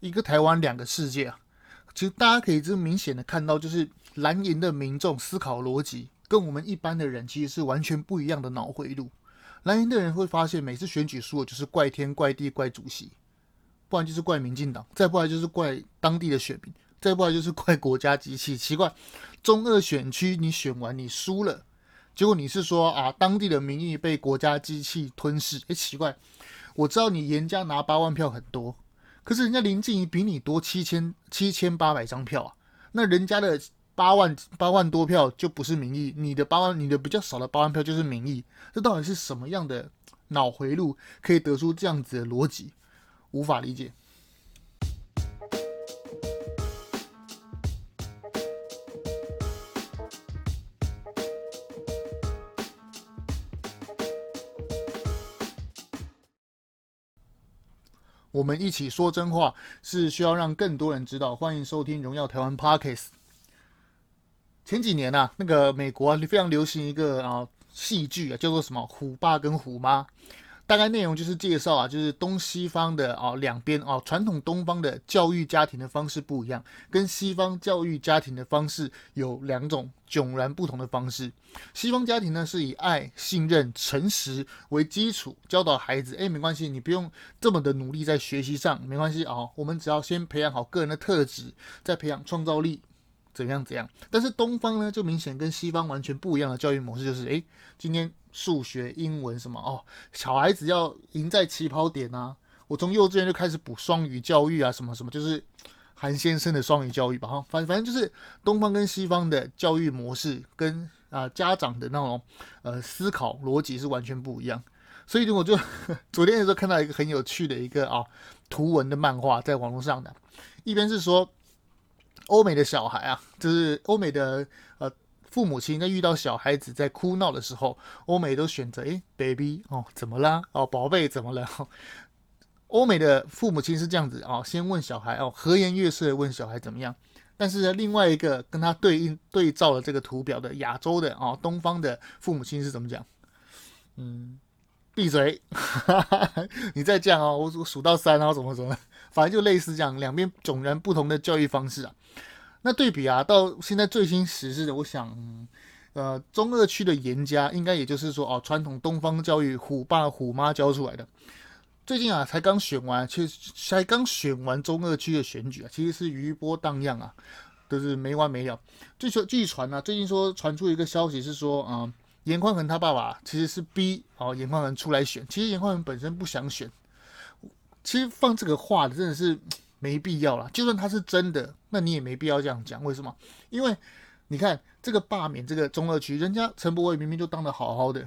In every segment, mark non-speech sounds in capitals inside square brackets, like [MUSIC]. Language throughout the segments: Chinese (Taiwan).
一個台灣兩個世界啊！其實大家可以這麼明顯的看到，就是藍營的民眾思考邏輯跟我們一般的人其實是完全不一樣的腦迴路。藍營的人會發現，每次選舉輸了就是怪天怪地怪主席，不然就是怪民進黨，再不然就是怪當地的選民，再不然就是怪國家機器。奇怪，中二選區你選完你輸了，結果你是說啊，當地的民意被國家機器吞噬？哎，奇怪，我知道你顏家拿八萬票很多。可是人家林靜儀比你多七千七千八百張票啊，那人家的八萬八萬多票就不是民意，你的八萬、你的比較少的八萬票就是民意。這到底是什麼樣的腦迴路可以得出這樣子的邏輯？無法理解。我們一起說真話，是需要讓更多人知道。歡迎收聽《榮耀台灣》Podcast。前幾年呢、啊，那個美國非常流行一個啊戲劇啊，叫做什麼《虎爸跟虎媽》。大概內容就是介紹啊，就是東西方的啊、哦、兩邊啊、哦，傳統東方的教育家庭的方式不一樣，跟西方教育家庭的方式有兩種迥然不同的方式。西方家庭呢是以愛、信任、誠實為基礎，教導孩子。誒，沒關係，你不用這麼的努力在學習上，沒關係啊、哦。我們只要先培養好個人的特質，再培養創造力。怎樣怎樣？但是東方呢，就明顯跟西方完全不一樣的教育模式，就是誒，今天數學、英文什麼哦，小孩子要贏在起跑點啊，我從幼稚園就開始補雙語教育啊，什麼什麼，就是韓先生的雙語教育吧哈。反正、哦、反正就是東方跟西方的教育模式跟、跟、呃、啊家長的那種呃思考邏輯是完全不一樣。所以我就昨天的時候看到一個很有趣的一個啊、哦、圖文的漫畫在網絡上的，一邊是說。歐美的小孩啊，就是歐美的呃父母親在遇到小孩子在哭鬧的時候，歐美都選擇哎，baby 哦，怎麼啦？哦，寶貝怎麼了？哦，歐美的父母親是這樣子啊，哦，先問小孩哦，和顏悅色的問小孩怎麼樣。但是呢，另外一個跟他對應對照的這個圖表的亞洲的哦，東方的父母親是怎麼講？嗯。閉嘴！ [LAUGHS] 你再這樣哦，我我數到三，然後怎麼怎麼， [LAUGHS] 反正就類似這樣兩邊迥然不同的教育方式啊。那對比啊，到現在最新時事的，我想，呃，中二區的嚴家，應該也就是說哦，傳統東方教育虎爸虎媽教出來的。最近啊，才剛選完，其實才剛選完中二區的選舉啊，其實是餘波盪漾啊，就是沒完沒了。據說，據傳呢，最近說傳出一個消息是說啊、呃。嚴寬恆他爸爸其實是逼哦，顏寬恆出來選。其實顏寬恆本，本身不想選，其實放這個話的真的是沒必要了。就算他是真的，那你也沒必要這樣講。為什麼？因為你看這個罷免這個中二區，人家陳柏惟明明就當得好好的，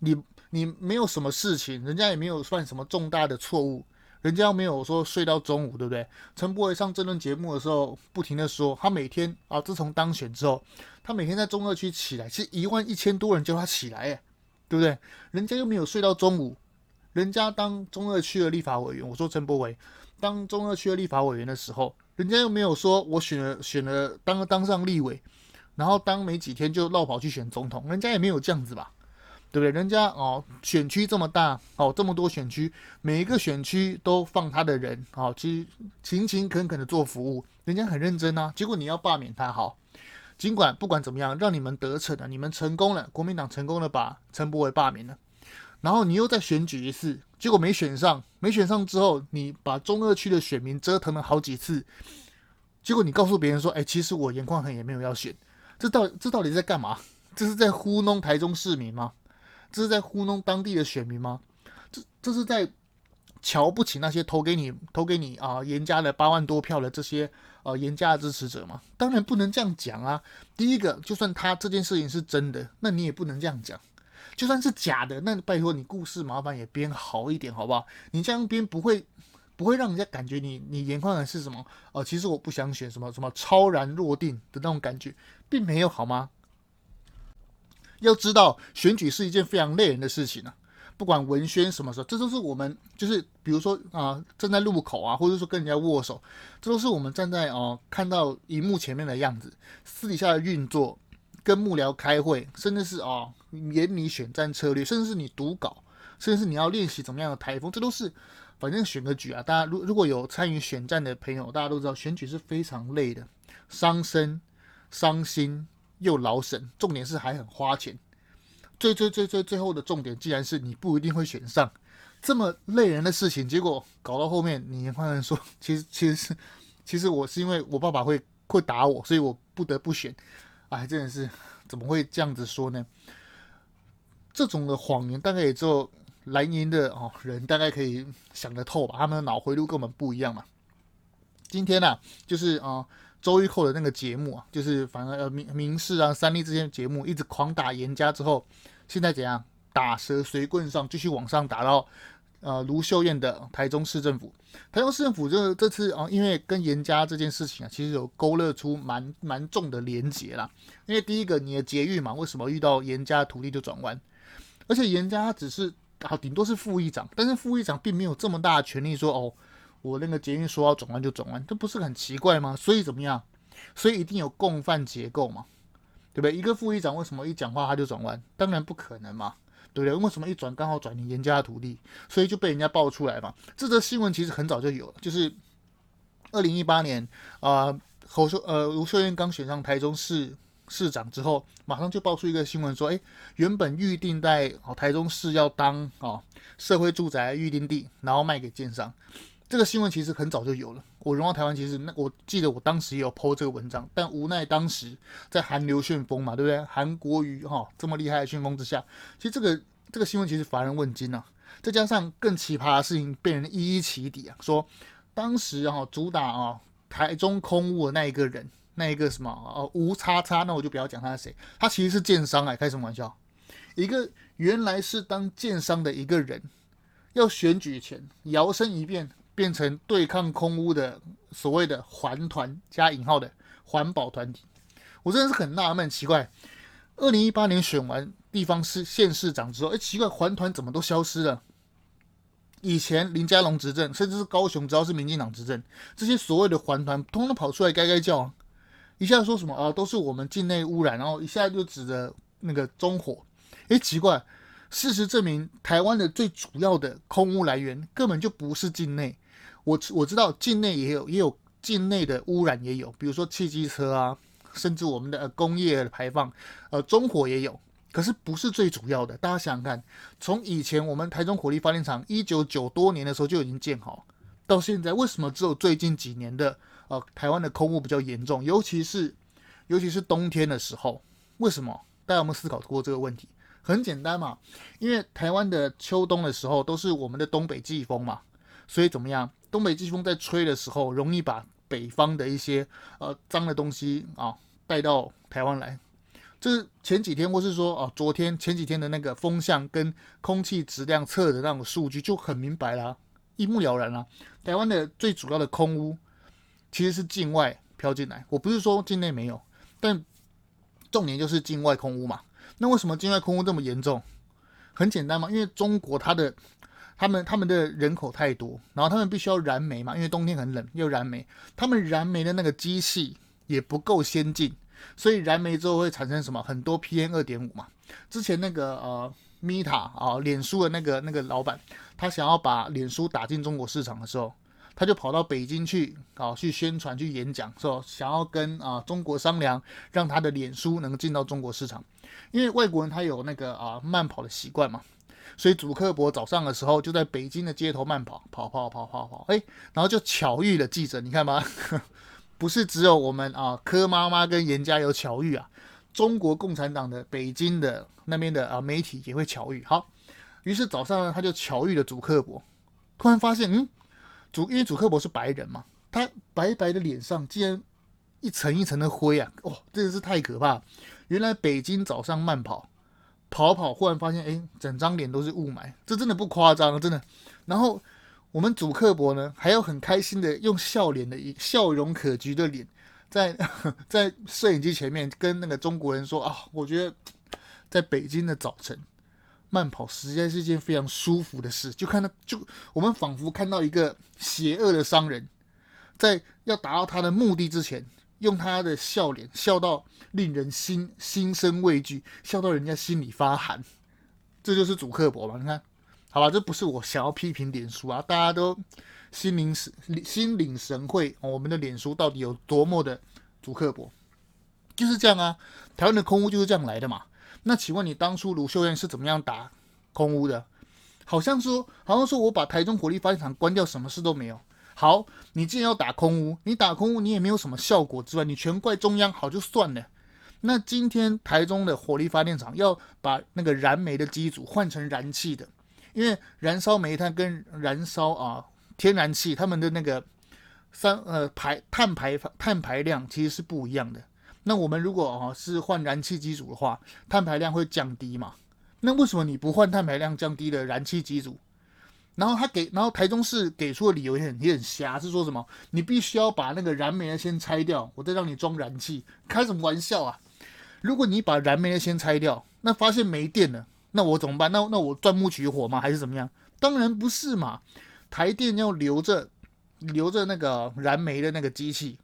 你你沒有什麼事情，人家也沒有犯什麼重大的錯誤。人家又沒有說睡到中午，對不對？陳柏惟上這段節目的時候，不停的說他每天啊，自從當選之後，他每天在中二區起來，是一萬一千多人叫他起來，耶，對不對？人家又沒有睡到中午，人家當中二區的立法委員，我說陳柏惟當中二區的立法委員的時候，人家又沒有說我選了選了當當上立委，然後當沒幾天就落跑去選總統，人家也沒有這樣子吧？對不對？人家哦，選區這麼大哦，這麼多選區，每一個選區都放他的人哦，其實勤勤懇懇的做服務，人家很認真啊。結果你要罷免他，好，儘管不管怎麼樣，讓你們得逞了，你們成功了，國民黨成功了，把陳柏惟罷免了。然後你又再選舉一次，結果沒選上，沒選上之後，你把中二區的選民折騰了好幾次，結果你告訴別人說，哎，其實我顏寬恆也沒有要選，這到這到底在幹嘛？這是在糊弄台中市民嗎？這是在糊弄當地的選民嗎？這這是在瞧不起那些投給你投給你啊、呃、顏家的八萬多票的這些呃顏家的支持者嗎？當然不能這樣講啊！第一個，就算他這件事情是真的，那你也不能這樣講；就算是假的，那拜托你故事麻煩也編好一點，好不好？你這樣編不會不會讓人家感覺你你顏寬恆是什麼？哦、呃，其實我不想選什麼什麼超然若定的那種感覺，並沒有好嗎？要知道選舉是一件非常累人的事情啊，不管文宣什麼時候，這都是我們就是，比如說啊、呃，站在路口啊，或者說跟人家握手，這都是我們站在哦、呃、看到熒幕前面的樣子。私底下的運作，跟幕僚開會，甚至是哦，研擬選戰策略，甚至是你讀稿，甚至是你要練習怎麼樣的台風，這都是反正選個舉啊，大家如如果有參與選戰的朋友，大家都知道選舉是非常累的，傷身傷心。又勞神，重點是還很花錢。最最最最最後的重點，竟然是你不一定會選上這麼累人的事情。結果搞到後面，你發現說，其實其實是，其實我是因為我爸爸會會打我，所以我不得不選。哎，真的是怎麼會這樣子說呢？這種的謊言，大概也只有藍營的哦人，大概可以想得透吧。他們的腦回路跟我們不一樣嘛。今天呢、啊，就是啊。呃週一玉蔻的那個節目啊，就是反而呃民民視啊三立這些節目一直狂打顏家之後，現在怎樣，打蛇隨棍上，繼續往上打到呃盧秀燕的台中市政府。台中市政府這這次啊，因為跟顏家這件事情啊，其實有勾勒出蠻蠻重的連結啦。因為第一個，你的捷運嘛，為什麼遇到顏家土地就轉彎？而且顏家只是啊頂多是副議長，但是副議長並沒有這麼大的權力說哦。我那個捷運說要轉彎就轉彎，這不是很奇怪嗎？所以怎麼樣？所以一定有共犯結構嘛，對不對？一個副議長為什麼一講話他就轉彎？當然不可能嘛，對不對？為什麼一轉剛好轉你嚴家的土地，所以就被人家爆出來嘛？這則新聞其實很早就有了，就是二零一八年啊、呃，侯秀呃盧秀燕剛選上台中市市長之後，馬上就爆出一個新聞說，哎，原本預定在哦台中市要當啊、哦、社會住宅預定地，然後賣給建商。這個新聞其實很早就有了。我榮耀台灣其實那我記得我當時也有 po 這個文章，但無奈當時在韓流旋風嘛，對不對？韓國瑜哈、哦、這麼厲害的旋風之下，其實這個這個新聞其實乏人問津吶、啊。再加上更奇葩的事情被人一一起底啊，說當時哈、啊、主打啊台中空屋的那一個人，那一個什麼啊、呃，吳叉叉，那我就不要講他是誰，他其實是建商哎、啊，開什麼玩笑？一個原來是當建商的一個人，要選舉前搖身一變。變成對抗空污的所謂的“環團”加引號的環保團體，我真的是很納悶，奇怪。二零一八年選完地方市縣市長之後，哎、欸，奇怪，環團怎麼都消失了？以前林佳龍執政，甚至是高雄只要是民進黨執政，這些所謂的環團通通跑出來該該叫、啊，一下說什麼啊，都是我們境內污染，然後一下就指着那個中火。哎、欸，奇怪，事實證明，台灣的最主要的空污來源根本就不是境內。我我知道境內也有也有境內的污染也有，比如說汽機車啊，甚至我們的工業的排放，呃，中火也有，可是不是最主要的。大家想想看，從以前我們台中火力發電廠一九九多年的時候就已經建好，到現在為什麼只有最近幾年的呃台灣的空污比較嚴重，尤其是尤其是冬天的時候，為什麼？大家有沒有思考過這個問題？很簡單嘛，因為台灣的秋冬的時候都是我們的東北季風嘛。所以怎麼樣？東北季風在吹的時候，容易把北方的一些呃髒的東西啊帶到台灣來。這是前幾天，或是說哦、啊，昨天前幾天的那個風向跟空氣質量測的那種數據就很明白啦，一目了然啦、啊。台灣的最主要的空污其實是境外飄進來，我不是說境內沒有，但重點就是境外空污嘛。那為什麼境外空污這麼嚴重？很簡單嘛，因為中國它的。他們他們的人口太多，然後他們必須要燃煤嘛，因為冬天很冷，又燃煤。他們燃煤的那個機器也不夠先進，所以燃煤之後會產生什麼很多 PM 二點五嘛。之前那個呃 Meta 啊，臉書的那個那個老闆，他想要把臉書打進中國市場的時候，他就跑到北京去，啊去宣傳去演講，說想要跟啊中國商量，讓他的臉書能進到中國市場。因為外國人他有那個啊慢跑的習慣嘛。所以，祖克柏早上的時候就在北京的街頭慢跑，跑跑跑跑跑，哎，然後就巧遇了記者。你看吧， [LAUGHS] 不是只有我們啊，柯媽媽跟嚴家有巧遇啊，中國共產黨的北京的那邊的啊媒體也會巧遇。好，於是早上呢，他就巧遇了祖克柏，突然發現，嗯，祖因為祖克柏是白人嘛，他白白的臉上竟然一層一層的灰啊，哦，真的是太可怕了。原來北京早上慢跑。跑跑，忽然發現，哎，整張臉都是霧霾，這真的不誇張，真的。然後我們祖克柏呢，還要很開心的用笑臉的、笑容可掬的臉，在在攝影機前面跟那個中國人說啊，我覺得在北京的早晨慢跑實在是一件非常舒服的事。就看到，就我們仿佛看到一個邪惡的商人，在要達到他的目的之前。用他的笑臉，笑到令人心心生畏懼，笑到人家心裡發寒，這就是主刻薄嘛。你看，好吧，這不是我想要批評臉書啊，大家都心領神心領神會，哦，我們的臉書到底有多麼的主刻薄，就是這樣啊。台灣的空污就是這樣來的嘛。那請問你當初盧秀燕是怎麼樣打空污的？好像說，好像說我把台中火力發電廠關掉，什麼事都沒有。好，你既然要打空污，你打空污你也沒有什麼效果之外，你全怪中央好就算了。那今天台中的火力發電廠要把那個燃煤的機組換成燃氣的，因為燃燒煤炭跟燃燒啊天然氣，他們的那個三呃排碳排碳排量其實是不一樣的。那我們如果哦、啊、是換燃氣機組的話，碳排量會降低嘛？那為什麼你不換碳排量降低的燃氣機組？然後他給，然後台中市給出的理由也很也很瞎，是說什麼你必須要把那個燃煤的先拆掉，我再讓你裝燃氣，開什麼玩笑啊？如果你把燃煤的先拆掉，那發現沒電了，那我怎麼辦？那那我鑽木取火嗎？還是怎麼樣？當然不是嘛，台電要留着留着那個燃煤的那個機器，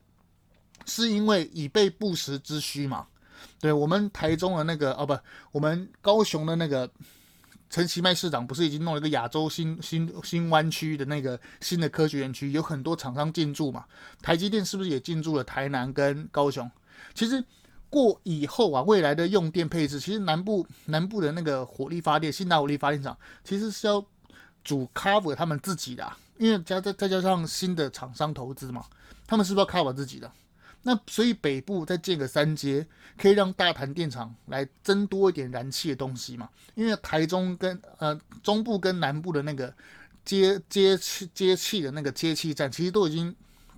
是因為以備不時之需嘛。對，我們台中的那個哦，不，我們高雄的那個。陳其邁市長不是已經弄了個亞洲新新新灣區的那個新的科學園區，有很多廠商進駐嘛？台積電是不是也進駐了台南跟高雄？其實過以後啊，未來的用電配置，其實南部南部的那個火力發電、興達火力發電廠，其實是要主 cover 他們自己的、啊，因為加再再加上新的廠商投資嘛，他們是不是要 cover 自己的？那所以北部再建個三接，可以讓大潭電廠來增多一點燃氣的東西嘛？因為台中跟呃中部跟南部的那個接接氣接氣的那個接氣站，其實都已經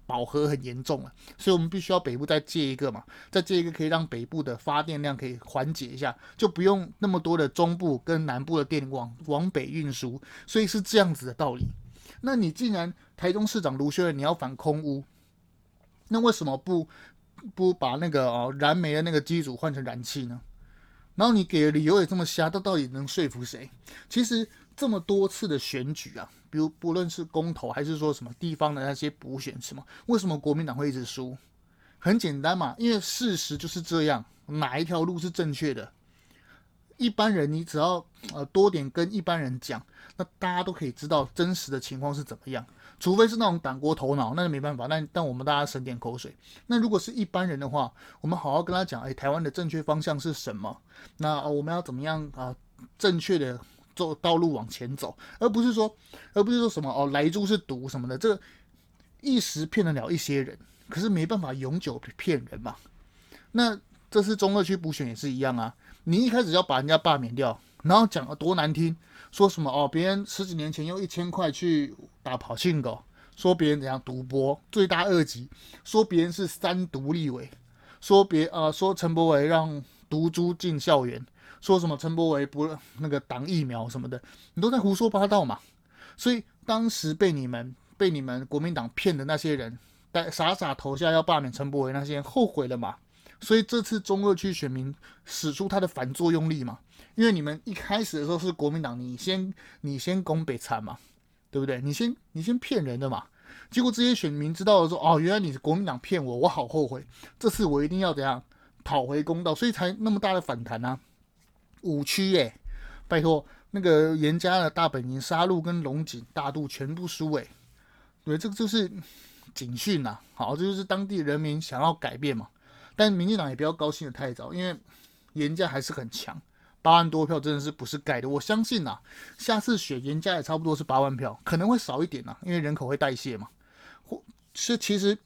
飽和很嚴重了，所以我們必須要北部再建一個嘛，再建一個可以讓北部的發電量可以緩解一下，就不用那麼多的中部跟南部的電網往，往北運輸，所以是這樣子的道理。那你既然台中市長盧秀燕你要反空污？那為什麼不不把那個哦燃煤的那個機組換成燃氣呢？然後你給的理由也這麼瞎，它到底能說服誰？其實這麼多次的選舉啊，比如不論是公投還是說什麼地方的那些補選什麼，為什麼國民黨會一直輸？很簡單嘛，因為事實就是這樣，哪一條路是正確的？一般人你只要呃多點跟一般人講，那大家都可以知道真實的情況是怎麼樣。除非是那種黨國頭腦，那就沒辦法。那但我們大家省點口水。那如果是一般人的話，我們好好跟他講：哎，台灣的正確方向是什麼？那、哦、我們要怎麼樣啊、呃？正確的做道路往前走，而不是說，而不是說什麼哦，萊豬是毒什麼的。這個一時騙得了一些人，可是沒辦法永久騙人嘛。那這次中二區補選也是一樣啊。你一開始要把人家罷免掉，然後講得多難聽，說什麼哦，別人十幾年前用一千塊去。打跑信狗，說別人怎樣賭博，罪大惡極；說別人是三獨立委；說別啊、呃，說陳柏惟讓毒株進校園；說什麼陳柏惟不那個擋疫苗什麼的，你都在胡說八道嘛。所以當時被你們被你們國民黨騙的那些人，在傻傻投下要罷免陳柏惟那些人後悔了嘛。所以這次中二區選民使出他的反作用力嘛，因為你們一開始的時候是國民黨，你先你先攻北參嘛。對不對？你先你先騙人的嘛，結果這些選民知道了說，哦，原來你是國民黨騙我，我好後悔，這次我一定要怎樣討回公道，所以才那麼大的反彈啊。五區哎、欸，拜託那個嚴家的大本營沙鹿跟龍井大肚全部輸哎、欸，對，這個就是警訊吶、啊。好，這就是當地人民想要改變嘛，但民進黨也不要高興的太早，因為嚴家還是很強。八萬多票真的是不是蓋的？我相信吶、啊，下次選原價也差不多是八萬票，可能會少一點吶、啊，因為人口會代謝嘛。或，是其實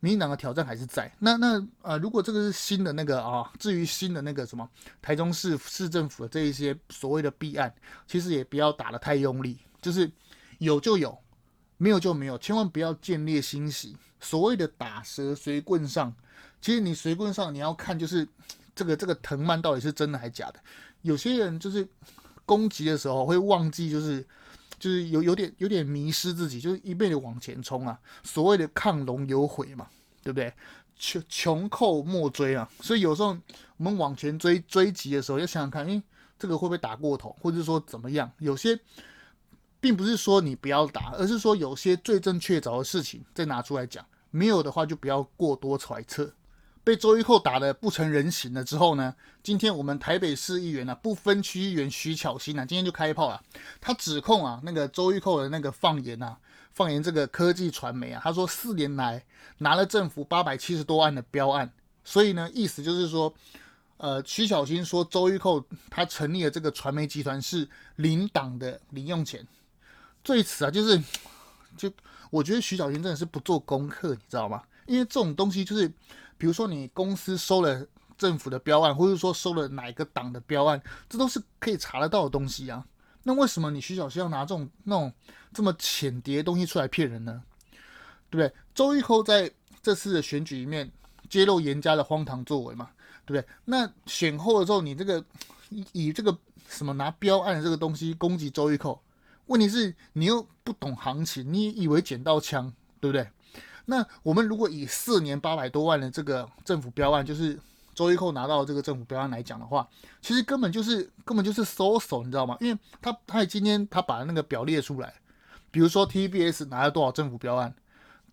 民進黨的挑戰還是在那那呃、啊，如果這個是新的那個啊，至於新的那個什麼台中市市政府的這一些所謂的弊案，其實也不要打得太用力，就是有就有，沒有就沒有，千萬不要見獵心喜。所謂的打蛇隨棍上，其實你隨棍上你要看就是這個這個藤蔓到底是真的還是假的。有些人就是攻擊的時候會忘記、就是，就是就是有有點有點迷失自己，就是一輩子往前衝啊。所謂的“亢龍有悔”嘛，對不對？窮窮寇莫追啊。所以有時候我們往前追追擊的時候，要想想看，哎、欸，這個會不會打過頭，或者說怎麼樣？有些並不是說你不要打，而是說有些最正確鑿的事情再拿出來講，沒有的話就不要過多揣測。被周玉蔻打得不成人形了之後呢？今天我們台北市議員啊，不分區議員徐巧芯啊，今天就開炮了。他指控啊，那個周玉蔻的那個放言啊，放言這個科技傳媒啊，他說四年來拿了政府八百七十多萬的標案，所以呢，意思就是說，呃，徐巧芯說周玉蔻他成立的這個傳媒集團是領黨的零用錢。對此啊，就是就我覺得徐巧芯真的是不做功課，你知道嗎？因為這種東西就是。比如說你公司收了政府的標案，或者說收了哪一個黨的標案，這都是可以查得到的東西啊。那為什麼你徐巧芯要拿這種那種這麼淺碟東西出來騙人呢？對不對？周玉蔻在這次的選舉裡面揭露顏家的荒唐作為嘛，對不對？那選後的時候，你這個以這個什麼拿標案的這個東西攻擊周玉蔻，問題是你又不懂行情，你以為撿到槍，對不對？那我們如果以四年八百多萬的這個政府標案，就是周玉蔻拿到這個政府標案來講的話，其實根本就是根本就是 so so，你知道嗎？因為他他也今天他把那個表列出來，比如說 TVBS 拿了多少政府標案，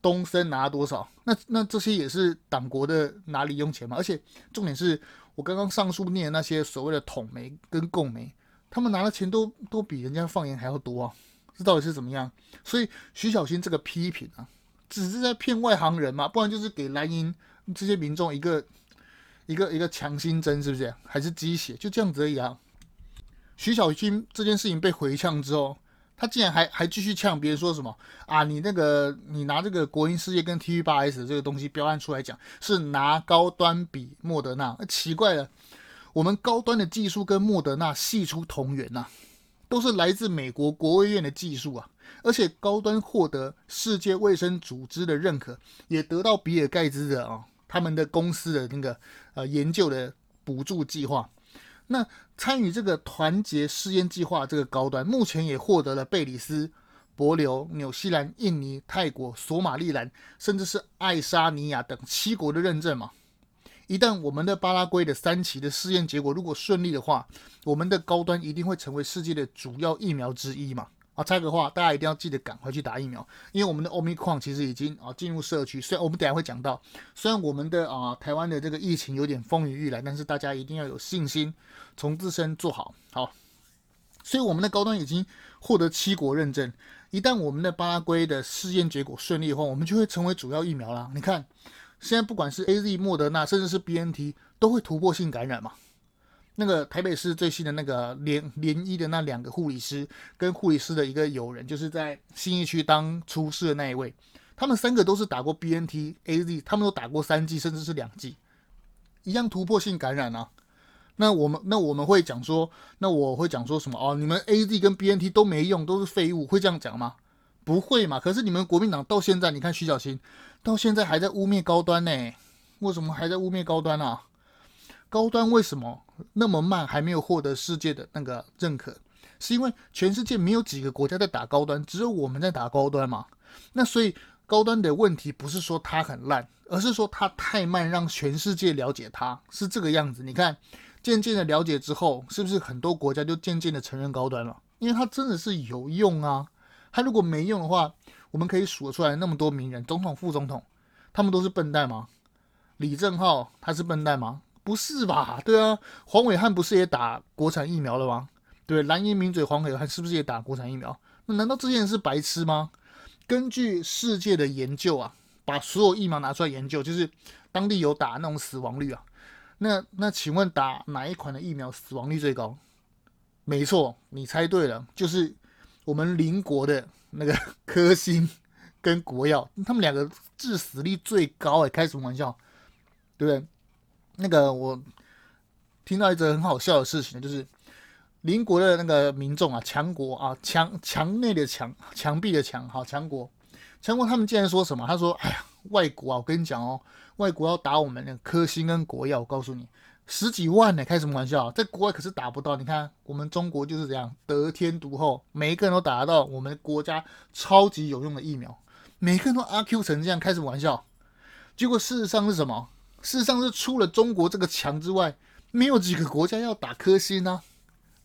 東森拿了多少，那那這些也是黨國的拿零用錢嘛。而且重點是我剛剛上述念的那些所謂的統媒跟共媒，他們拿的錢都都比人家放言還要多啊！這到底是怎麼樣？所以徐巧芯這個批評啊。只是在騙外行人嘛，不然就是給藍營這些民眾一個一個一個強心針，是不是？還是雞血就這樣子而已啊。徐巧芯這件事情被回嗆之後，他竟然還還繼續嗆別人說什麼啊？你那個你拿這個國營事業跟 TVBS 這個東西標案出來講，是拿高端比莫德納？那奇怪了，我們高端的技術跟莫德納系出同源吶啊。都是來自美國國務院的技術啊，而且高端獲得世界衛生組織的認可，也得到比爾蓋茨的啊他們的公司的那個呃研究的補助計劃。那參與這個團結試驗計劃這個高端，目前也獲得了貝里斯、帛琉、紐西蘭、印尼、泰國、索馬利蘭，甚至是愛沙尼亞等七國的認證嘛。一旦我們的巴拉圭的三期的試驗結果如果順利的話，我們的高端一定會成為世界的主要疫苗之一嘛。啊，插個話，大家一定要記得趕快去打疫苗，因為我們的 Omicron 其實已經啊進入社區。雖然我們等下會講到，雖然我們的啊台灣的這個疫情有點風雨欲來，但是大家一定要有信心，從自身做好。好，所以我們的高端已經獲得七國認證。一旦我們的巴拉圭的試驗結果順利的話，我們就會成為主要疫苗啦。你看。現在不管是 A Z、莫德納，甚至是 B N T，都會突破性感染嘛？那個台北市最新的那個聯聯醫的那兩個護理師，跟護理師的一個友人，就是在信義區當護士的那一位，他們三個都是打過 B N T、A Z，他們都打過三劑，甚至是兩劑，一樣突破性感染啊。那我們那我們會講說，那我會講說什麼哦？你們 A Z 跟 B N T 都沒用，都是廢物，會這樣講嗎？不會嘛。可是你們國民黨到現在，你看徐巧芯。到現在還在污衊高端呢？欸，為什麼還在污衊高端啊？高端為什麼那麼慢，還沒有獲得世界的那個認可？是因為全世界沒有幾個國家在打高端，只有我們在打高端嘛。那所以高端的問題不是說它很爛，而是說它太慢，讓全世界了解它是這個樣子。你看，漸漸的了解之後，是不是很多國家就漸漸的承認高端了？因為它真的是有用啊。它如果沒用的話，我們可以數出來那麼多名人、總統、副總統，他們都是笨蛋嗎？李正浩他是笨蛋嗎？不是吧？對啊，黃偉漢不是也打國產疫苗了嗎？對，藍顏、名嘴、黃偉漢是不是也打國產疫苗？那難道這些人是白痴嗎？根據世界的研究啊，把所有疫苗拿出來研究，就是當地有打那種死亡率啊。那那請問打哪一款的疫苗死亡率最高？沒錯，你猜對了，就是我們鄰國的。那個科興跟國藥，他們兩個致死率最高哎、欸，開什麼玩笑，對不對？那個我聽到一則很好笑的事情，就是鄰國的那個民眾啊，強國啊，牆，牆內的牆，牆壁的牆，好強國，強國他們竟然說什麼？他說：“哎呀，外國啊，我跟你講哦，外國要打我們那個科興跟國藥，我告訴你。”十幾萬呢、欸？開什麼玩笑？在國外可是打不到。你看，我們中國就是這樣得天獨厚，每一個人都打得到。我們國家超級有用的疫苗，每個人都阿 Q 成這樣，開什麼玩笑？結果事實上是什麼？事實上是除了中國這個牆之外，沒有幾個國家要打科興呢，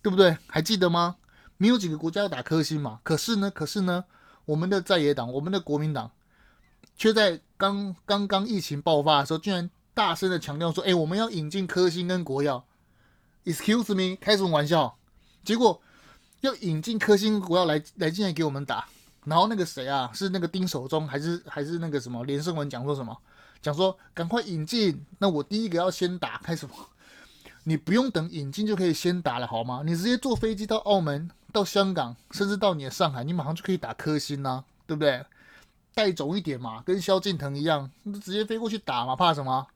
對不對？還記得嗎？沒有幾個國家要打科興嘛。可是呢，可是呢，我們的在野黨，我們的國民黨，卻在剛剛剛疫情爆發的時候，居然，大聲的強調說：“哎、欸，我們要引進科興跟國藥。”Excuse me，開什麼玩笑？結果要引進科興國藥來來進來給我們打。然後那個誰啊，是那個丁守中還是還是那個什麼？連勝文講說什麼？講說趕快引進。那我第一個要先打，開什麼？你不用等引進就可以先打了，好嗎？你直接坐飛機到澳門、到香港，甚至到你的上海，你馬上就可以打科興啦、啊，對不對？帶種一點嘛，跟蕭敬騰一樣，你就直接飛過去打嘛，怕什麼？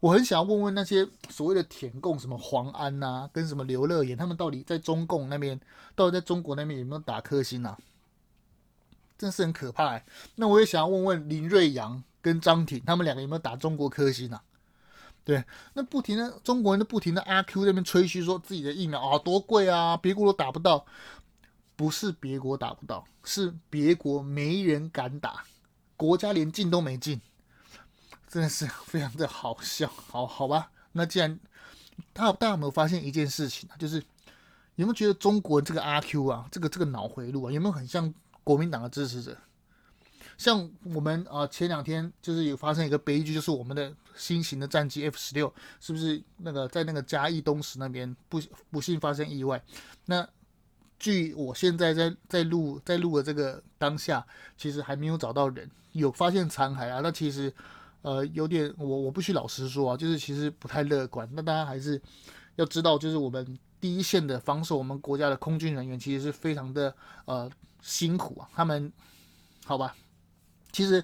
我很想問問那些所謂的“舔共”什麼黃安啊，跟什麼劉樂妍，他們到底在中共那邊，到底在中國那邊有沒有打科興啊？真是很可怕、欸。那我也想問問林瑞陽跟張庭，他們兩個有沒有打中國科興啊？對，那不停的中國人，都不停的阿 Q 那邊吹噓說自己的疫苗啊多貴啊，別國都打不到。不是別國打不到，是別國沒人敢打，國家連進都沒進。真的是非常的好笑，好，好吧。那既然大，大家有沒有發現一件事情啊？就是有沒有覺得中國這個阿 Q 啊，這個這個腦回路啊，有沒有很像國民黨的支持者？像我們啊、呃，前兩天就是有發生一個悲劇，就是我們的新型的戰機 F 十六是不是那個在那個嘉義東石那邊不不幸發生意外？那據我現在在在錄在錄的這個當下，其實還沒有找到人，有發現殘骸啊。那其實。呃，有點我我不許老實說啊，就是其實不太樂觀。但大家還是要知道，就是我們第一線的防守，我們國家的空軍人員其實是非常的呃辛苦啊。他們好吧，其實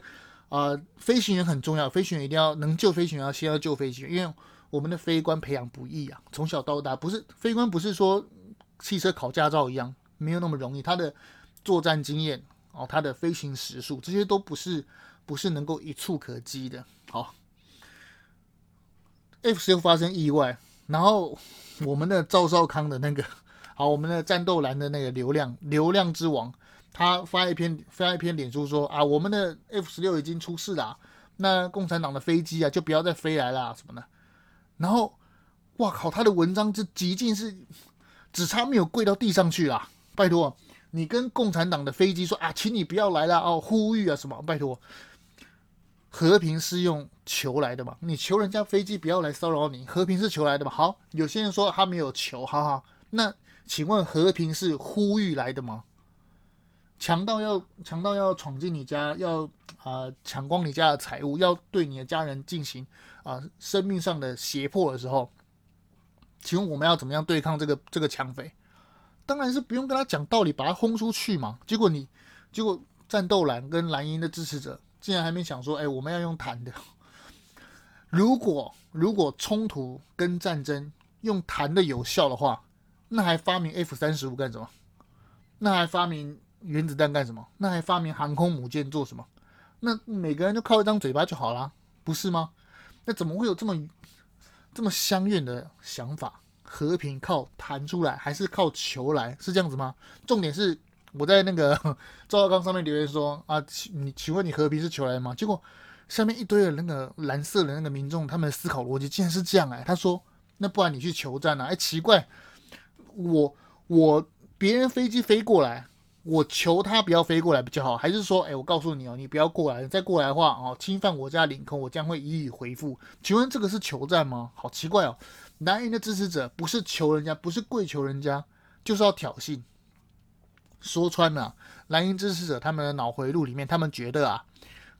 啊、呃，飛行員很重要，飛行員一定要能救飛行員，先要救飛行員，因為我們的飛官培養不易啊，從小到大不是飛官，不是說汽車考駕照一樣沒有那麼容易，他的作戰經驗哦，他的飛行時數這些都不是。不是能夠一蹴可幾的。好，F 十六發生意外，然後我們的趙少康的那個，好，我們的戰鬥藍的那個流量，流量之王，他發一篇發一篇臉書說啊，我們的 F 十六已經出事了、啊，那共產黨的飛機啊，就不要再飛來了、啊，什麼的。然後，哇靠，他的文章就極盡是，只差沒有跪到地上去了、啊。拜託，你跟共產黨的飛機說啊，請你不要來了哦、啊，呼籲啊什麼，拜託。和平是用求來的嘛？你求人家飛機不要來騷擾你，和平是求來的嘛？好，有些人說他沒有求，哈哈。那請問和平是呼籲來的嗎？強盜要強盜要闖進你家，要啊、呃、搶光你家的財物，要對你的家人進行啊、呃、生命上的脅迫的時候，請問我們要怎麼樣對抗這個這個搶匪？當然是不用跟他講道理，把他轟出去嘛。結果你結果戰鬥藍跟藍營的支持者。竟然還沒想說，哎、欸，我們要用談的。如果如果衝突跟戰爭用談的有效的話，那還發明 F 三十五幹什麼？那還發明原子彈幹什麼？那還發明航空母艦做什麼？那每個人就靠一張嘴巴就好了，不是嗎？那怎麼會有這麼這麼相遠的想法？和平靠談出來還是靠求來？是這樣子嗎？重點是。我在那個趙耀剛上面留言說啊，請你請問你何必是求來嗎？結果下面一堆的那個藍色的那個民眾，他們的思考邏輯竟然是這樣哎，他說那不然你去求戰呢、啊？哎，奇怪，我我別人飛機飛過來，我求他不要飛過來比較好，還是說哎，我告訴你哦，你不要過來，再過來的話哦，侵犯我家領空，我將會予以，以回復。請問這個是求戰嗎？好奇怪哦，藍營的支持者不是求人家，不是跪求人家，就是要挑釁。說穿了，藍營支持者他們的腦回路裡面，他們覺得啊，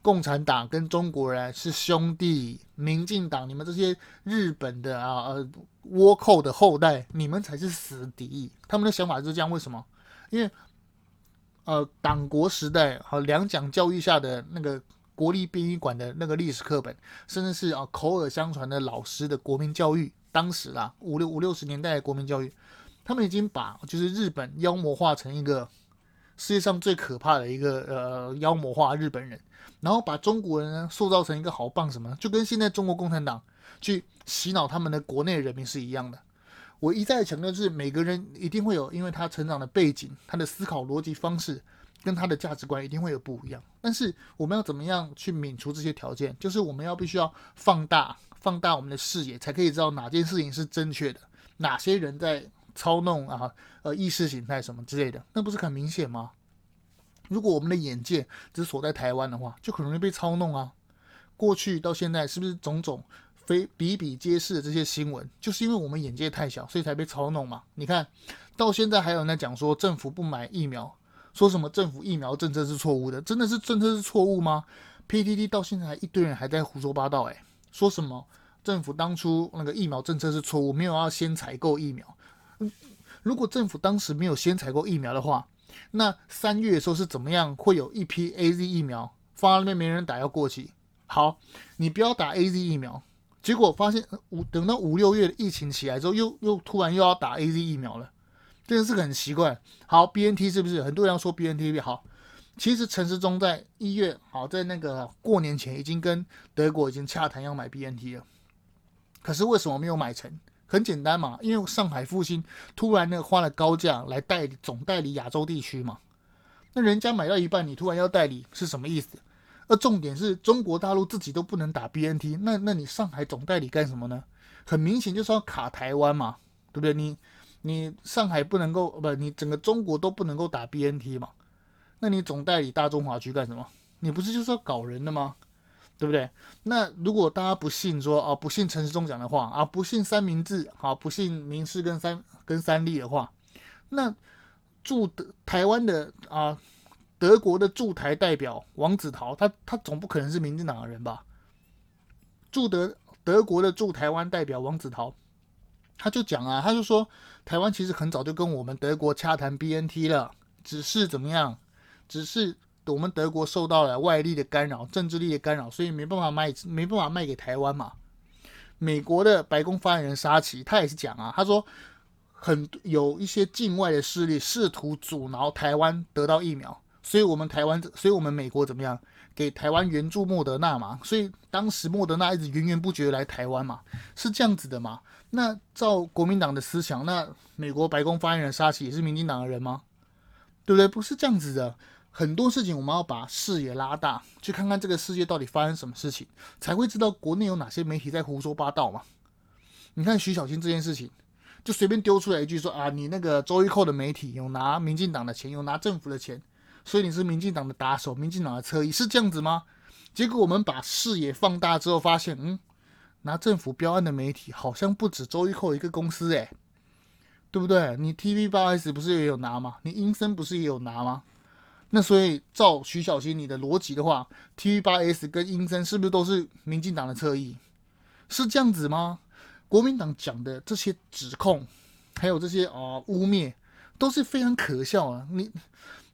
共產黨跟中國人是兄弟，民進黨你們這些日本的啊呃倭寇的後代，你們才是死敵。他們的想法就是這樣。為什麼？因為呃，黨國時代和，啊，兩蔣教育下的那個國立殯儀館的那個歷史課本，甚至是啊口耳相傳的老師的國民教育，當時啊五六五六十年代的國民教育。他們已經把就是日本妖魔化成一個世界上最可怕的一個呃，妖魔化日本人，然後把中國人呢塑造成一個好棒什麼，就跟現在中國共產黨去洗腦他們的國內人民是一樣的。我一再強調，是每個人一定會有，因為他成長的背景、他的思考邏輯方式跟他的價值觀一定會有不一樣。但是我們要怎麼樣去免除這些條件？就是我們要必須要放大放大我們的視野，才可以知道哪件事情是正確的，哪些人在。操弄啊，呃，意識形態什麼之類的，那不是很明顯嗎？如果我們的眼界只鎖在台灣的話，就很容易被操弄啊。過去到現在，是不是種種非比比皆是的這些新聞，就是因為我們眼界太小，所以才被操弄嘛？你看到現在還有人在講說政府不買疫苗，說什麼政府疫苗政策是錯誤的，真的是政策是錯誤嗎？PTT 到現在還一堆人還在胡說八道，欸，哎，說什麼政府當初那個疫苗政策是錯誤，沒有要先採購疫苗。如果政府當時沒有先採購疫苗的話，那三月的時候是怎麼樣？會有一批 A Z 疫苗放在那邊沒人打，要過期。好，你不要打 A Z 疫苗，結果發現等到五六月的疫情起來之後，又又突然又要打 A Z 疫苗了，這個是很奇怪。好，B N T 是不是很多人說 B N T 好？其實陳時中在一月好在那個過年前已經跟德國已經洽談要買 B N T 了，可是為什麼沒有買成？很簡單嘛，因為上海復星突然呢花了高價來代理總代理亞洲地區嘛，那人家買到一半，你突然要代理是什麼意思？而重點是中國大陸自己都不能打 BNT，那那你上海總代理幹什麼呢？很明顯就是要卡台灣嘛，對不對？你你上海不能夠，不，你整個中國都不能夠打 BNT 嘛，那你總代理大中華區幹什麼？你不是就是要搞人的嗎？對不對？那如果大家不信說啊，不信陳時中講的話啊，不信三明治，好、啊，不信民視跟三跟三立的話，那駐德台灣的啊，德國的駐台代表王子陶，他他總不可能是民進黨的人吧？駐德德國的駐台灣代表王子陶，他就講啊，他就說，台灣其實很早就跟我們德國洽談 BNT 了，只是怎麼樣，只是。我們德國受到了外力的干擾，政治力的干擾，所以沒辦法賣，沒辦法賣給台灣嘛。美國的白宮發言人沙奇，他也是講啊，他說很有一些境外的勢力試圖阻撓台灣得到疫苗，所以我們台灣，所以我們美國怎麼樣給台灣援助莫德納嘛？所以當時莫德納一直源源不絕來台灣嘛，是這樣子的嘛？那照國民黨的思想，那美國白宮發言人沙奇也是民進黨的人嗎？對不對？不是這樣子的。很多事情，我們要把視野拉大，去看看這個世界到底發生什麼事情，才會知道國內有哪些媒體在胡說八道嘛。你看徐小青這件事情，就隨便丟出來一句說啊，你那個周玉蔻的媒體有拿民進黨的錢，有拿政府的錢，所以你是民進黨的打手，民進黨的側翼，是這樣子嗎？結果我們把視野放大之後，發現，嗯，拿政府標案的媒體好像不止周玉蔻一個公司，哎，對不對？你 TVBS 不是也有拿嗎？你英森不是也有拿嗎？那所以，照徐小昕你的邏輯的話，TVBS 跟英聲是不是都是民進黨的側翼？是這樣子嗎？國民黨講的這些指控，還有這些啊、呃、汙衊，都是非常可笑啊！你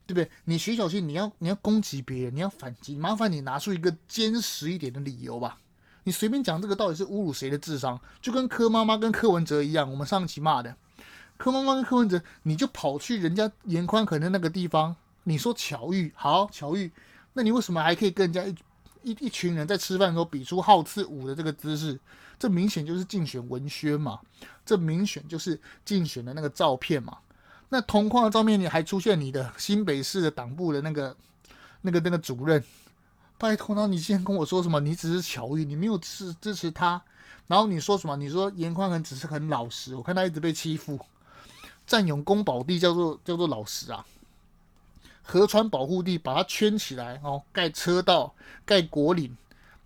對不對？你徐小昕，你要你要攻擊別人，你要反擊，麻煩你拿出一個堅實一點的理由吧！你隨便講這個，到底是侮辱誰的智商？就跟柯媽媽跟柯文哲一樣，我們上一期罵的柯媽媽跟柯文哲，你就跑去人家嚴寬可能那個地方。你說巧遇好，巧遇，那你為什麼還可以跟人家一一一群人在吃飯的時候比出好吃舞的這個姿勢？這明顯就是競選文宣嘛，這明顯就是競選的那個照片嘛。那同框的照片裡還出現你的新北市的黨部的那個那個那個主任。拜託，那你今天跟我說什麼？你只是巧遇，你沒有支持支持他。然後你說什麼？你說顏寬恆只是很老實，我看他一直被欺負。佔用公保地叫做叫做老實啊。河川保護地，把它圈起來，哦，蓋車道、蓋果嶺，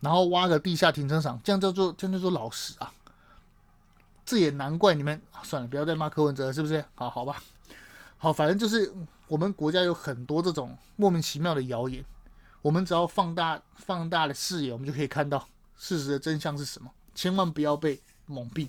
然後挖個地下停車場，這樣叫做這樣叫做老實啊！這也難怪你們，算了，不要再罵柯文哲了是不是？好好吧，好，反正就是我們國家有很多這種莫名其妙的謠言，我們只要放大放大的視野，我們就可以看到事實的真相是什麼，千萬不要被蒙蔽。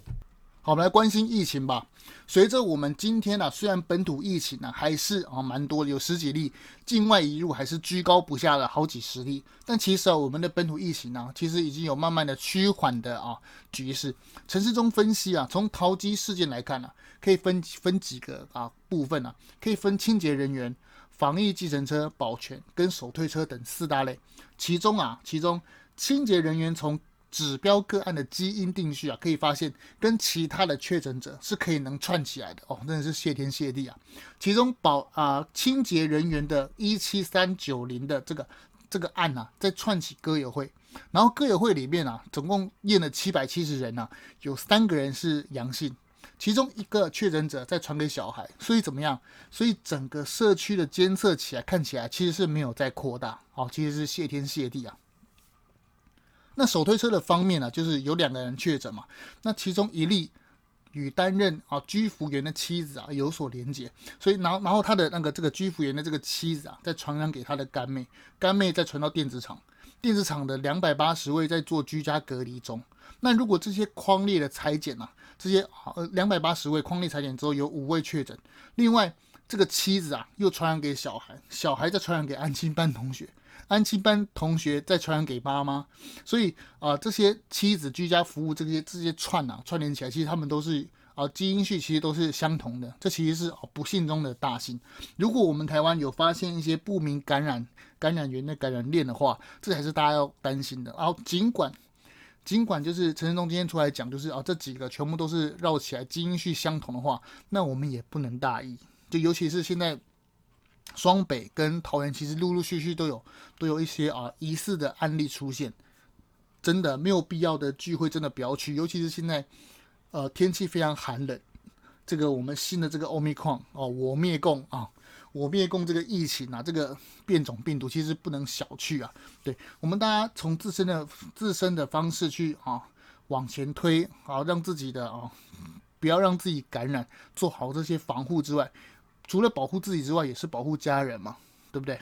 好，我們來關心疫情吧。隨着我們今天呢、啊，雖然本土疫情呢、啊、還是啊蠻多的，有十幾例，境外移入還是居高不下的好幾十例，但其實啊，我們的本土疫情呢、啊，其實已經有慢慢的趨緩的啊局勢。陳時中分析啊，從桃機事件來看呢、啊，可以分分幾個啊部分啊，可以分清潔人員、防疫計程車、保全跟手推車等四大類。其中啊，其中清潔人員從指標個案的基因定序啊，可以發現跟其他的確診者是可以能串起來的哦，真的是謝天謝地啊！其中保啊、呃、清潔人員的一七三九零的這個這個案吶、啊，在串起歌友會，然後歌友會裡面啊，總共驗了七百七十人吶、啊，有三個人是陽性，其中一個確診者再傳給小孩，所以怎麼樣？所以整個社區的監測起來看起來其實是沒有再擴大哦，其實是謝天謝地啊！那手推車的方面呢、啊，就是有兩個人確診嘛。那其中一例與擔任啊居服員的妻子啊有所連結，所以然後然後他的那個這個居服員的這個妻子啊再傳染給他的乾妹，乾妹再傳到電子廠，電子廠的兩百八十位在做居家隔離中。那如果這些匡列的採檢呢、啊，這些呃兩百八十位匡列採檢之後有五位確診，另外這個妻子啊又傳染給小孩，小孩再傳染給安心班同學。安親班同學在傳染給爸媽，所以啊、呃，這些妻子居家服務這些這些串吶、啊、串聯起來，其實他們都是啊、呃、基因序其實都是相同的。這其實是、呃、不幸中的大幸。如果我們台灣有發現一些不明感染感染源的感染鏈的話，這才是大家要擔心的。啊，儘管儘管就是陳時中今天出來講，就是啊、呃、這幾個全部都是繞起來基因序相同的話，那我們也不能大意。就尤其是現在。雙北跟桃園其實陸陸續續都有都有一些啊疑似的案例出現，真的沒有必要的聚會真的不要去，尤其是現在呃，天氣非常寒冷，這個我們新的這個 Omicron 哦，我滅共啊，我滅共這個疫情啊，這個變種病毒其實不能小覷啊，對我們大家從自身的自身的方式去啊往前推，啊，讓自己的啊，不要讓自己感染，做好這些防護之外。除了保護自己之外，也是保護家人嘛，對不對？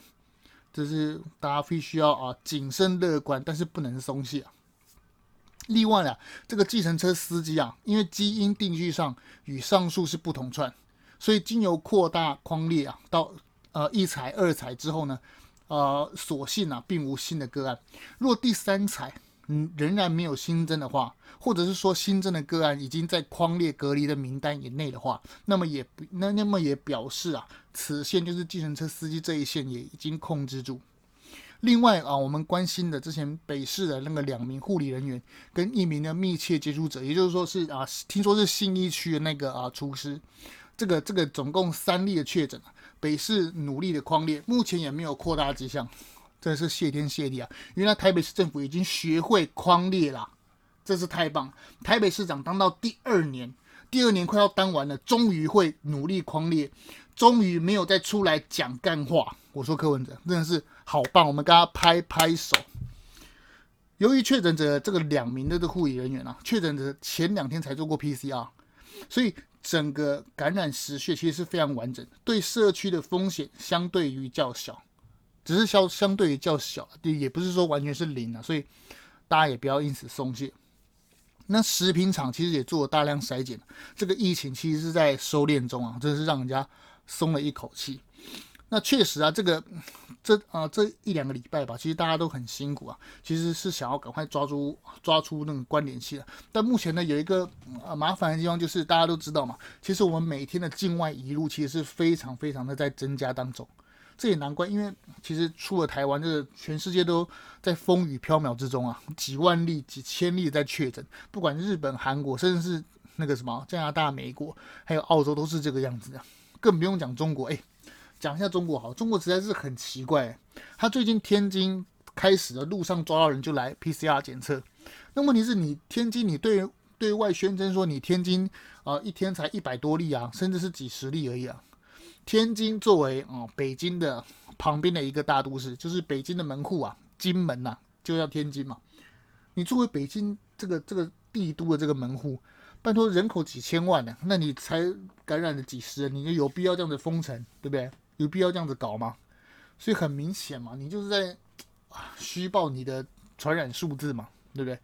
就是大家必須要啊，謹慎樂觀，但是不能鬆懈啊。另外啊，這個計程車司機啊，因為基因定序上與上述是不同串，所以經由擴大匡列啊，到呃一採二採之後呢，呃所幸啊，並無新的個案。若第三採。嗯，仍然沒有新增的話，或者是說新增的個案已經在匡列隔離的名單以內的話，那麼也那那麼也表示啊，此線就是計程車司機這一線也已經控制住。另外啊，我們關心的之前北市的那個兩名護理人員跟一名的密切接觸者，也就是說是啊，聽說是信義區的那個啊廚師，這個這個總共三例的確診啊，北市努力的匡列，目前也沒有擴大跡象。真的是謝天謝地啊！因為台北市政府已經學會匡列了、啊，這是太棒。台北市長當到第二年，第二年快要當完了，終於會努力匡列，終於沒有再出來講幹話。我說柯文哲真的是好棒，我們給他拍拍手。由於確診者這個兩名的這護理人員啊，確診者前兩天才做過 PCR，所以整個感染時序其實是非常完整的，對社區的風險相對於較小。只是相相對於較小，也也不是說完全是零啊，所以大家也不要因此鬆懈。那食品廠其實也做了大量篩檢，這個疫情其實是在收斂中啊，真、就是讓人家鬆了一口氣。那確實啊，這個這啊、呃、這一兩個禮拜吧，其實大家都很辛苦啊，其實是想要趕快抓住抓出那種關聯性的。但目前呢，有一個啊、嗯、麻煩的地方就是大家都知道嘛，其實我們每天的境外移入其實是非常非常的在增加當中。這也難怪，因為其實除了台灣，就是全世界都在風雨飄渺之中啊，幾萬例、幾千例在確診，不管日本、韓國，甚至是那個什麼加拿大、美國，還有澳洲，都是這個樣子的，啊，更不用講中國。哎，欸，講一下中國好，中國實在是很奇怪，欸，他最近天津開始的路上抓到人就來 PCR 檢測，那問題是，你天津你對對外宣稱說你天津啊，呃、一天才一百多例啊，甚至是幾十例而已啊。天津作為啊、嗯、北京的旁邊的一個大都市，就是北京的門戶啊，津門吶、啊，就叫天津嘛。你作為北京這個這個帝都的這個門戶，拜托人口幾千萬呢、啊，那你才感染了幾十人，你就有必要這樣子封城，對不對？有必要這樣子搞嗎？所以很明顯嘛，你就是在虛報你的傳染數字嘛，對不對？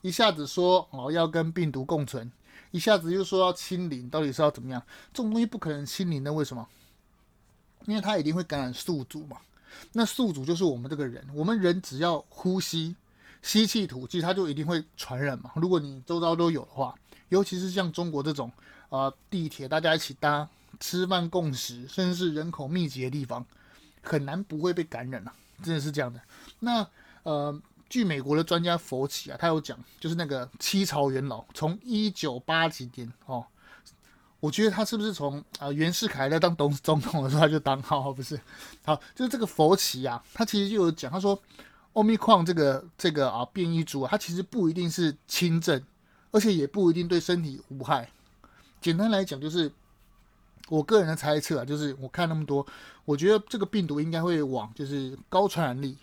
一下子說哦、嗯、要跟病毒共存，一下子又說要清零，到底是要怎麼樣？這種東西不可能清零的，為什麼？因為它一定會感染宿主嘛，那宿主就是我們這個人，我們人只要呼吸、吸氣、吐氣，它就一定會傳染嘛。如果你周遭都有的話，尤其是像中國這種啊、呃，地鐵大家一起搭、吃飯共食，甚至是人口密集的地方，很難不會被感染啊。真的是這樣的。那呃，據美國的專家佛奇啊，他有講，就是那個七朝元老，從一九八幾年哦。我覺得他是不是從、呃、袁世凱在當董總統的時候他就當好不是？好，就是這個佛奇啊，他其實就有講，他說，Omicron 這個這個啊變異株、啊，它其實不一定是輕症，而且也不一定對身體無害。簡單來講就是，我個人的猜測啊，就是我看那麼多，我覺得這個病毒應該會往就是高傳染力，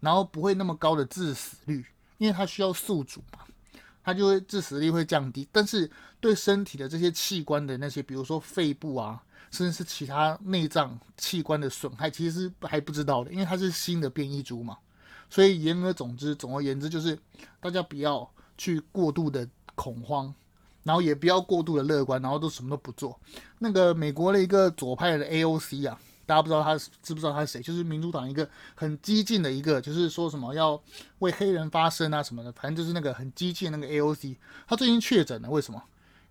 然後不會那麼高的致死率，因為它需要宿主嘛。它就會致死率會降低，但是對身體的這些器官的那些，比如說肺部啊，甚至是其他內臟器官的損害，其實是還不知道的，因為它是新的變異株嘛。所以言而總之，總而言之，就是大家不要去過度的恐慌，然後也不要過度的樂觀，然後都什麼都不做。那個美國的一個左派的 AOC 啊。大家不知道他知不知道他是誰，就是民主黨一個很激進的一個，就是說什麼要為黑人發聲啊什麼的，反正就是那個很激進的那個 AOC。他最近確診了，為什麼？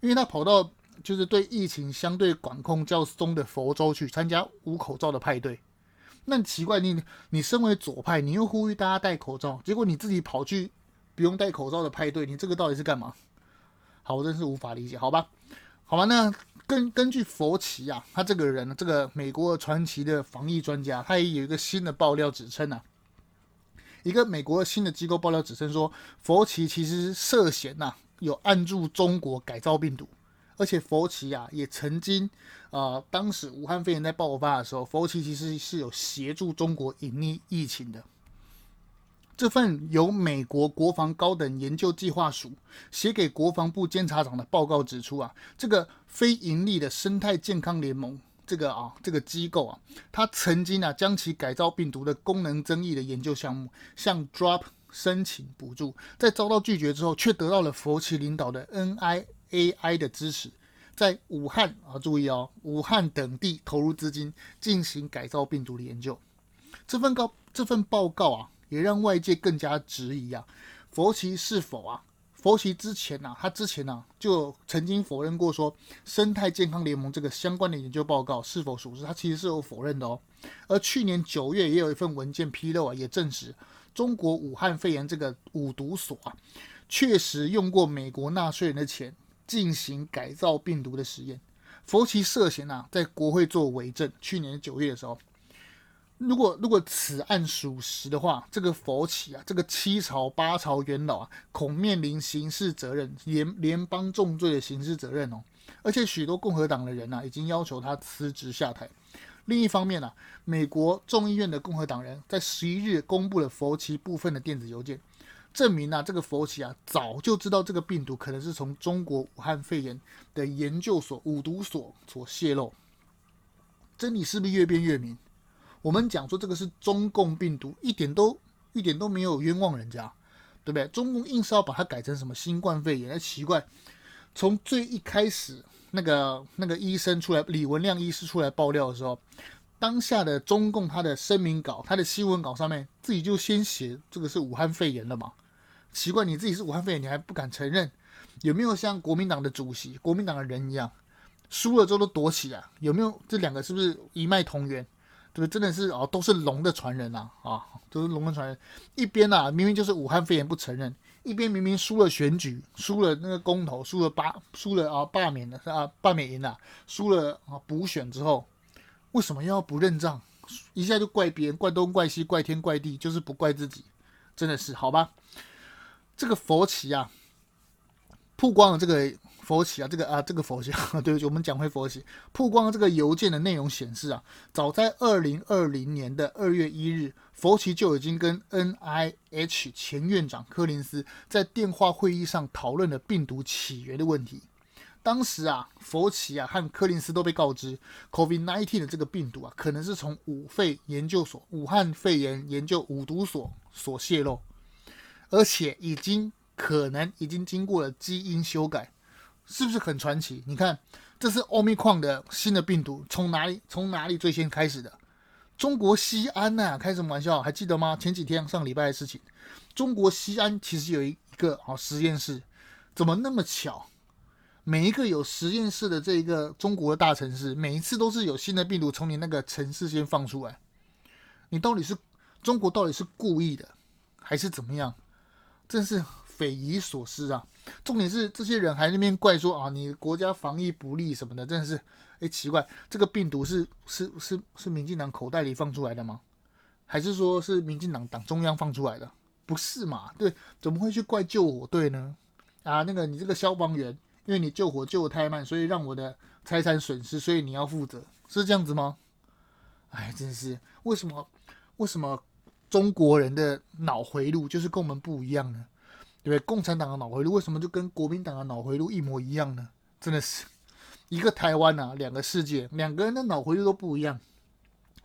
因為他跑到就是對疫情相對管控較鬆的佛州去參加無口罩的派對。那奇怪，你你身為左派，你又呼籲大家戴口罩，結果你自己跑去不用戴口罩的派對，你這個到底是幹嘛？好，我真是無法理解，好吧，好吧，那。根根據佛奇啊，他這個人呢，這個美國傳奇的防疫專家，他也有一個新的爆料指稱啊。一個美國新的機構爆料指稱說，佛奇其實涉嫌吶、啊、有暗助中國改造病毒，而且佛奇啊也曾經啊、呃，當時武漢肺炎在爆發的時候，佛奇其實是，是有協助中國隱匿疫情的。這份由美國國防高等研究計劃署寫給國防部監察長的報告指出：啊，這個非盈利的生態健康聯盟，這個啊，這個機構啊，它曾經啊將其改造病毒的功能爭議的研究項目向 Drop 申請補助，在遭到拒絕之後，卻得到了佛奇領導的 NIAI 的支持，在武漢啊，注意哦，武漢等地投入資金進行改造病毒的研究。這份告這份報告啊，也讓外界更加質疑啊，佛奇是否啊？佛奇之前啊，他之前啊，就曾經否認過說生態健康聯盟這個相關的研究報告是否屬實，他其實是有否認的哦。而去年九月也有一份文件披露啊，也證實中國武漢肺炎這個武毒所啊，確實用過美國納稅人的錢進行改造病毒的實驗。佛奇涉嫌啊在國會作偽證，去年九月的時候。如果，如果此案屬實的話，這個佛奇啊，這個七朝八朝元老啊，恐面臨刑事責任，聯聯邦重罪的刑事責任哦。而且許多共和黨的人吶、啊，已經要求他辭職下台。另一方面呢、啊，美國眾議院的共和黨人在十一日公布了佛奇部分的電子郵件，證明呢、啊，這個佛奇啊，早就知道這個病毒可能是從中國武漢肺炎的研究所武毒所所泄露。真理是不是越辯越明？我們講說這個是中共病毒，一點都一點都沒有冤枉人家，對不對？中共硬是要把它改成什麼新冠肺炎，奇怪。從最一開始，那個那個醫生出來，李文亮醫師出來爆料的時候，當下的中共他的聲明稿、他的新聞稿上面，自己就先寫這個是武漢肺炎了嘛。奇怪，你自己是武漢肺炎，你還不敢承認？有沒有像國民黨的主席、國民黨的人一樣，輸了之後都躲起來？有沒有這兩個是不是一脈同源？是不是真的是哦、啊？都是龍的傳人吶、啊！啊，都是龍的傳人。一邊啊，明明就是武漢肺炎不承認；一邊明明輸了選舉，輸了那個公投，輸了罷輸了啊罷免了，是啊罷免贏了、啊，輸了啊補選之後，為什麼要不認賬？一下就怪別人，怪東怪西，怪天怪地，就是不怪自己。真的是好吧？這個佛旗啊，曝光了這個。佛奇啊，這個啊，這個佛奇、啊，對不起，我們講回佛奇。曝光這個郵件的內容顯示啊，早在二零二零年的二月一日，佛奇就已經跟 NIH 前院長柯林斯在電話會議上討論了病毒起源的問題。當時啊，佛奇啊和柯林斯都被告知，COVID nineteen 的這個病毒啊，可能是從武肺研究所、武漢肺炎研究五毒所所泄露，而且已經可能已經經過了基因修改。是不是很傳奇？你看，這是奧密克戎的新的病毒，從哪裡從哪裡最先開始的？中國西安吶、啊，開什麼玩笑？還記得嗎？前幾天上禮拜的事情，中國西安其實有一個好、哦、實驗室，怎麼那麼巧？每一個有實驗室的這個中國的大城市，每一次都是有新的病毒從你那個城市先放出來。你到底是中國到底是故意的，還是怎麼樣？真是匪夷所思啊！重點是這些人還在那邊怪說啊，你國家防疫不力什麼的，真的是，哎、欸，奇怪，這個病毒是是是是民進黨口袋裡放出來的嗎？還是說是民進黨黨中央放出來的？不是嘛？對，怎麼會去怪救火隊呢？啊，那個你這個消防員，因為你救火救得太慢，所以讓我的財產損失，所以你要負責，是這樣子嗎？哎，真是，為什麼為什麼中國人的腦迴路就是跟我們不一樣呢？因為共產黨的腦回路為什麼就跟國民黨的腦回路一模一樣呢？真的是一個台灣啊，兩個世界，兩個人的腦回路都不一樣。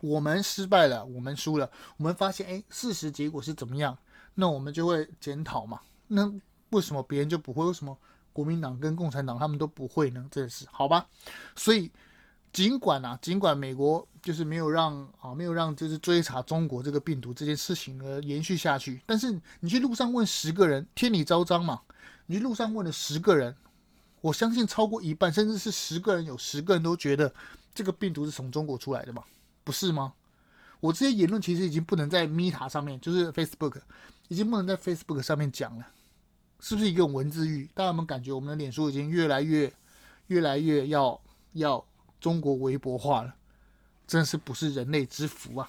我們失敗了，我們輸了，我們發現哎，事實結果是怎麼樣，那我們就會檢討嘛。那為什麼別人就不會？為什麼國民黨跟共產黨他們都不會呢？真的是好吧，所以。儘管啊，儘管美國就是沒有讓啊，沒有讓就是追查中國這個病毒這件事情呢延續下去，但是你去路上問十個人，天理昭彰嘛，你去路上問了十個人，我相信超過一半，甚至是十個人有十個人都覺得這個病毒是從中國出來的嘛，不是嗎？我這些言論其實已經不能在 Meta 上面，就是 Facebook，已經不能在 Facebook 上面講了，是不是一個文字獄？大家有沒有感覺我們的臉書已經越來越、越來越要要？中國微博化了，真是不是人類之福啊！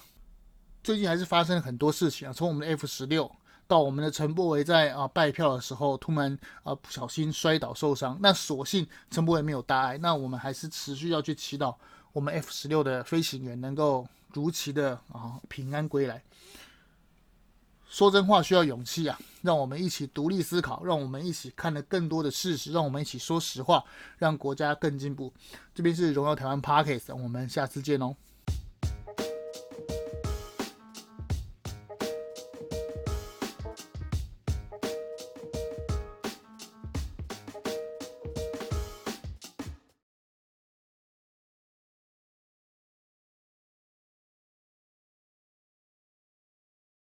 最近還是發生了很多事情啊，從我們的 F 十六到我們的陳柏惟在啊拜票的時候，突然啊不小心摔倒受傷。那所幸陳柏惟沒有大礙，那我們還是持續要去祈禱，我們 F 十六的飛行員能夠如期的啊平安歸來。說真話需要勇氣啊！讓我們一起獨立思考，讓我們一起看了更多的事實，讓我們一起說實話，讓國家更進步。這邊是榮耀台灣 Podcast，我們下次見哦。